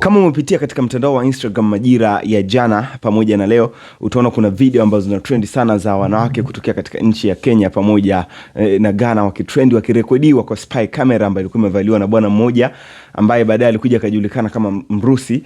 Kama umepitia katika mtandao wa Instagram majira ya jana pamoja na leo, utaona kuna video ambazo zina trend sana za wanawake kutokea katika nchi ya Kenya pamoja eh, na Ghana wakitrend wakirekodiwa kwa spy camera ambayo ilikuwa imevaliwa na bwana mmoja ambaye baadaye alikuja akajulikana kama Mrusi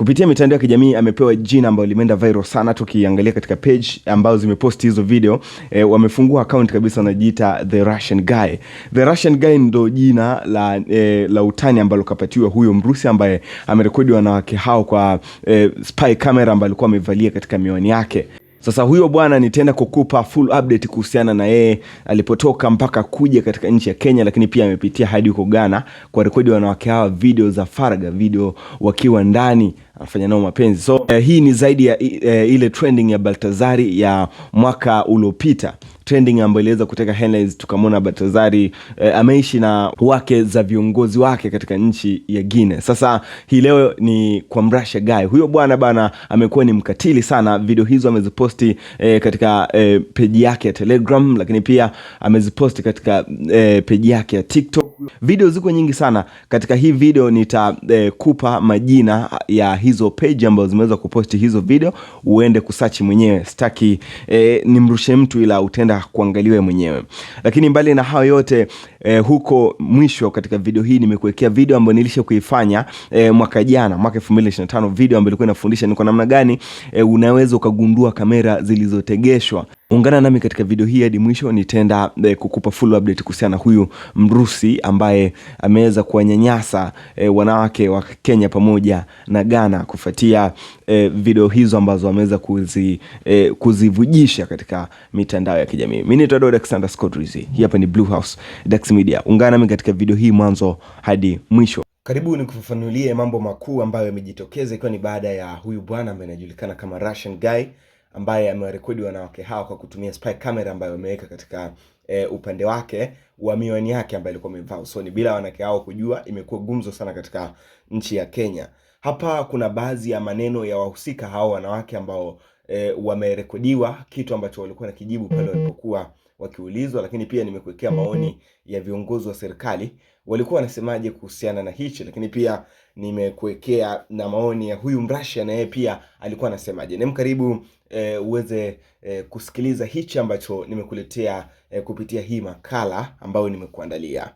kupitia mitandao ya kijamii amepewa jina ambalo limeenda viral sana. Tukiangalia katika page ambazo zimeposti hizo video e, wamefungua account kabisa, anajiita the Russian guy. The Russian guy ndo jina la, e, la utani ambalo kapatiwa huyo Mrusi ambaye amerekodi wanawake hao kwa e, spy camera ambayo alikuwa amevalia katika miwani yake. Sasa huyo bwana nitaenda kukupa full update kuhusiana na yeye alipotoka mpaka kuja katika nchi ya Kenya, lakini pia amepitia hadi huko Ghana kwa rekodi wanawake hawa, video za faraga, video wakiwa ndani anafanya nao mapenzi. So eh, hii ni zaidi ya eh, ile trending ya Baltazari ya mwaka uliopita trending ambayo iliweza kuteka headlines, tukamwona Baltazari eh, ameishi na wake za viongozi wake katika nchi ya Guinea. Sasa hii leo ni kwa mrasha guy huyo bwana bana, amekuwa ni mkatili sana. Video hizo ameziposti eh, katika eh, peji yake ya Telegram, lakini pia ameziposti katika eh, peji yake ya TikTok. Video ziko nyingi sana. Katika hii video nitakupa eh, majina ya hizo page ambazo zimeweza kuposti hizo video, uende kusearch mwenyewe. Sitaki eh, nimrushe mtu, ila utenda kuangaliwe mwenyewe. Lakini mbali na hayo yote eh, huko mwisho katika video hii nimekuwekea video ambayo nilisha kuifanya eh, mwaka jana, mwaka 2025 video ambayo ilikuwa inafundisha ni kwa namna gani eh, unaweza ukagundua kamera zilizotegeshwa. Ungana nami katika video hii hadi mwisho, nitaenda eh, kukupa full update kuhusiana na huyu Mrusi ambaye ameweza kuwanyanyasa e, wanawake wa Kenya pamoja na Ghana kufuatia e, video hizo ambazo ameweza kuzi, e, kuzivujisha katika mitandao ya kijamii. Mimi ni Alexander Scott Rizzi. Hii hapa ni Blue House Dax Media. Ungana nami katika video hii mwanzo hadi mwisho. Karibu ni kufafanulie mambo makuu ambayo yamejitokeza ikiwa ni baada ya huyu bwana ambaye anajulikana kama Russian Guy ambaye amewarekodi wanawake hawa kwa kutumia spy camera ambayo ameweka katika e, upande wake wa miwani yake ambayo alikuwa amevaa usoni. Bila wanawake hao kujua, imekuwa gumzo sana katika nchi ya Kenya. Hapa kuna baadhi ya maneno ya wahusika hao wanawake ambao e, wamerekodiwa, kitu ambacho walikuwa na kijibu pale walipokuwa wakiulizwa, lakini pia nimekuwekea mhm. maoni mm -hmm. ya viongozi wa serikali walikuwa wanasemaje kuhusiana na hichi, lakini pia nimekuwekea na maoni ya huyu mrashi na yeye pia alikuwa anasemaje. Nimkaribu e, eh, uweze e, kusikiliza hichi ambacho nimekuletea e, kupitia hii makala ambayo nimekuandalia.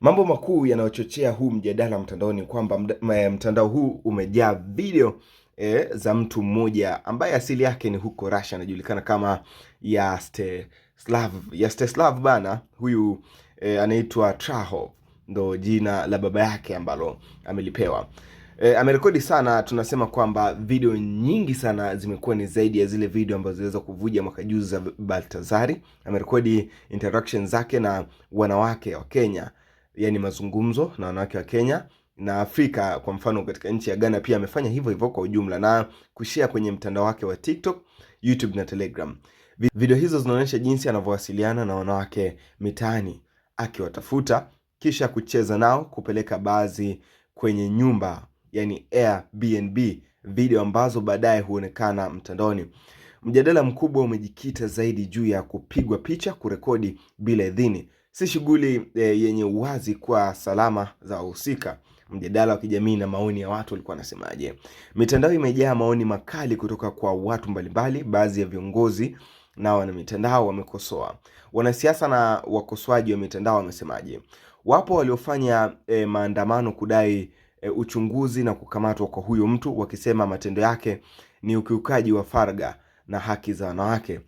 Mambo makuu yanayochochea huu mjadala mtandaoni kwamba mtandao huu umejaa video e, za mtu mmoja ambaye asili yake ni huko Russia, anajulikana kama Yaste Slav Yasteslav bana huyu e, anaitwa Trahov ndo jina la baba yake ambalo amelipewa. E, amerekodi sana, tunasema kwamba video nyingi sana zimekuwa ni zaidi ya zile video ambazo ziliweza kuvuja mwaka juzi za Baltazari. Amerekodi interaction zake na wanawake wa Kenya, yani mazungumzo na wanawake wa Kenya na Afrika, kwa mfano katika nchi ya Ghana. Pia amefanya hivyo hivyo kwa ujumla na kushea kwenye mtandao wake wa TikTok, YouTube na Telegram. Video hizo zinaonyesha jinsi anavyowasiliana na wanawake mitaani, akiwatafuta kisha kucheza nao, kupeleka baadhi kwenye nyumba, yani Airbnb, video ambazo baadaye huonekana mtandaoni. Mjadala mkubwa umejikita zaidi juu ya kupigwa picha, kurekodi bila idhini. Si shughuli e, yenye uwazi kwa salama za wahusika. Mjadala wa kijamii na maoni ya watu walikuwa wanasemaje? Mitandao imejaa maoni makali kutoka kwa watu mbalimbali, baadhi ya viongozi na wana mitandao wamekosoa. Wanasiasa na wakosoaji wa mitandao wamesemaje? Wapo waliofanya e, maandamano kudai e, uchunguzi na kukamatwa kwa huyo mtu, wakisema matendo yake ni ukiukaji wa faragha na haki za wanawake.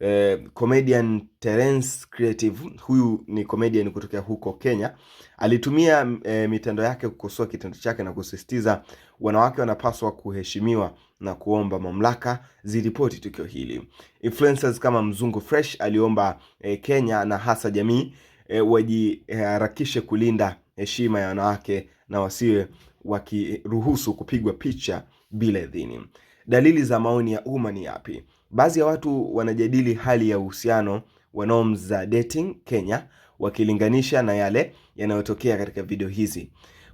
E, comedian Terence Creative, huyu ni comedian kutokea huko Kenya, alitumia e, mitandao yake kukosoa kitendo chake na kusisitiza wanawake wanapaswa kuheshimiwa na kuomba mamlaka ziripoti tukio hili. Influencers kama Mzungu Fresh aliomba e, Kenya na hasa jamii e, wajiharakishe e, kulinda heshima ya wanawake na wasiwe wakiruhusu kupigwa picha bila idhini. Dalili za maoni ya umma ni yapi? Baadhi ya watu wanajadili hali ya uhusiano wa norms za dating Kenya wakilinganisha na yale yanayotokea katika video hizi.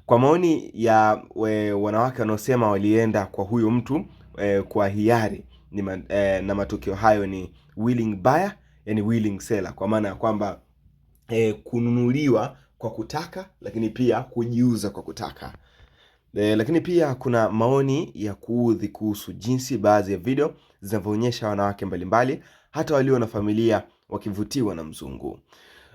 Kwa maoni ya we, wanawake wanaosema walienda kwa huyo mtu eh, kwa hiari ni man, eh, na matokeo hayo ni willing buyer, yani willing seller, kwa maana ya kwamba eh, kununuliwa kwa kutaka, lakini pia kujiuza kwa kutaka. E, lakini pia kuna maoni ya kuudhi kuhusu jinsi baadhi ya video zinavyoonyesha wanawake mbalimbali mbali, hata walio na familia wakivutiwa na mzungu.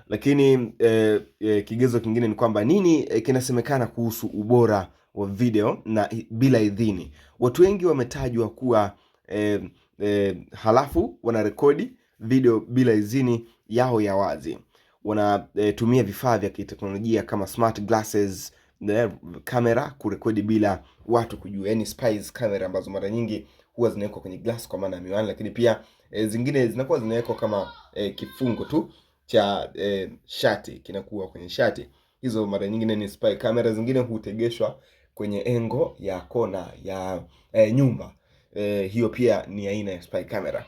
Lakini e, e, kigezo kingine ni kwamba nini e, kinasemekana kuhusu ubora wa video na bila idhini. Watu wengi wametajwa kuwa eh, eh, halafu wanarekodi video bila idhini yao ya wazi, wanatumia eh, vifaa vya kiteknolojia kama smart glasses kamera kurekodi bila watu kujua, yani spies kamera ambazo mara nyingi huwa zinawekwa kwenye glass kwa maana ya miwani, lakini pia e, zingine zinakuwa zinawekwa kama e, kifungo tu cha e, shati kinakuwa kwenye shati. Hizo mara nyingine ni spy kamera, zingine hutegeshwa kwenye engo ya kona ya eh, nyumba eh, hiyo pia ni aina ya spy camera.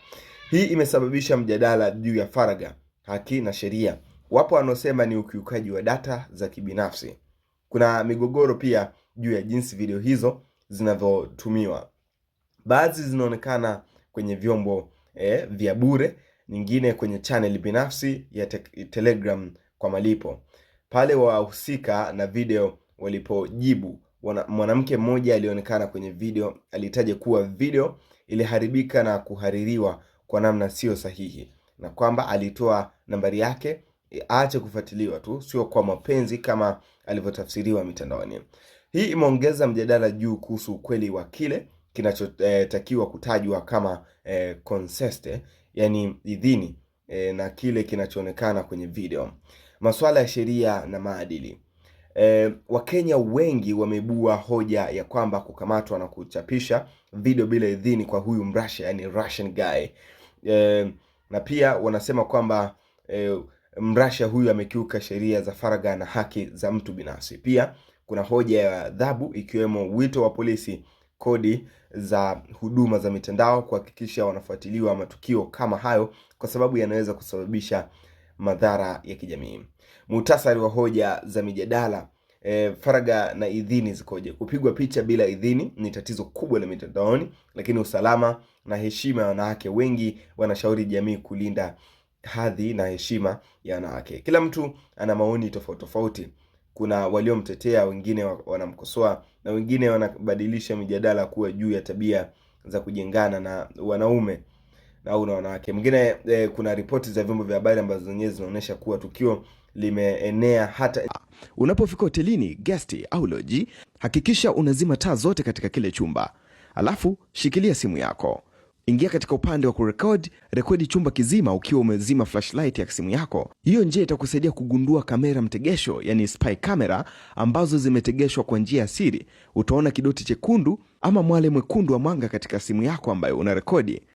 Hii imesababisha mjadala juu ya faragha, haki na sheria. Wapo wanaosema ni ukiukaji wa data za kibinafsi. Kuna migogoro pia juu ya jinsi video hizo zinavyotumiwa. Baadhi zinaonekana kwenye vyombo eh, vya bure, nyingine kwenye chaneli binafsi ya te Telegram kwa malipo. Pale wahusika na video walipojibu mwanamke mmoja alionekana kwenye video alitaja kuwa video iliharibika na kuhaririwa kwa namna sio sahihi na kwamba alitoa nambari yake e, aache kufuatiliwa tu, sio kwa mapenzi kama alivyotafsiriwa mitandaoni. Hii imeongeza mjadala juu kuhusu ukweli wa kile kinachotakiwa e, kutajwa kama e, eh, consent, yani idhini e, na kile kinachoonekana kwenye video, masuala ya sheria na maadili eh, Wakenya wengi wameibua hoja ya kwamba kukamatwa na kuchapisha video bila idhini kwa huyu mrasha yani Russian guy eh, na pia wanasema kwamba eh, Mrussia huyu amekiuka sheria za faragha na haki za mtu binafsi. Pia kuna hoja ya adhabu ikiwemo wito wa polisi, kodi za huduma za mitandao kuhakikisha wanafuatiliwa matukio kama hayo, kwa sababu yanaweza kusababisha madhara ya kijamii. Muhtasari wa hoja za mijadala. E, faraga na idhini zikoje? Kupigwa picha bila idhini ni tatizo kubwa la mitandaoni, lakini usalama na heshima ya wanawake, wengi wanashauri jamii kulinda hadhi na heshima ya wanawake. Kila mtu ana maoni tofauti tofauti. Kuna waliomtetea, wengine wanamkosoa, na wengine wanabadilisha mijadala kuwa juu ya tabia za kujengana na wanaume au na wanawake. Mwingine eh, kuna ripoti za vyombo vya habari ambazo zenyewe zinaonyesha kuwa tukio limeenea hata. Unapofika hotelini, gesti au loji, hakikisha unazima taa zote katika kile chumba, alafu shikilia simu yako, ingia katika upande wa kurekod, rekodi chumba kizima ukiwa umezima flashlight ya simu yako. Hiyo njia itakusaidia kugundua kamera mtegesho, yani spy camera ambazo zimetegeshwa kwa njia ya siri. Utaona kidoti chekundu ama mwale mwekundu wa mwanga katika simu yako ambayo unarekodi.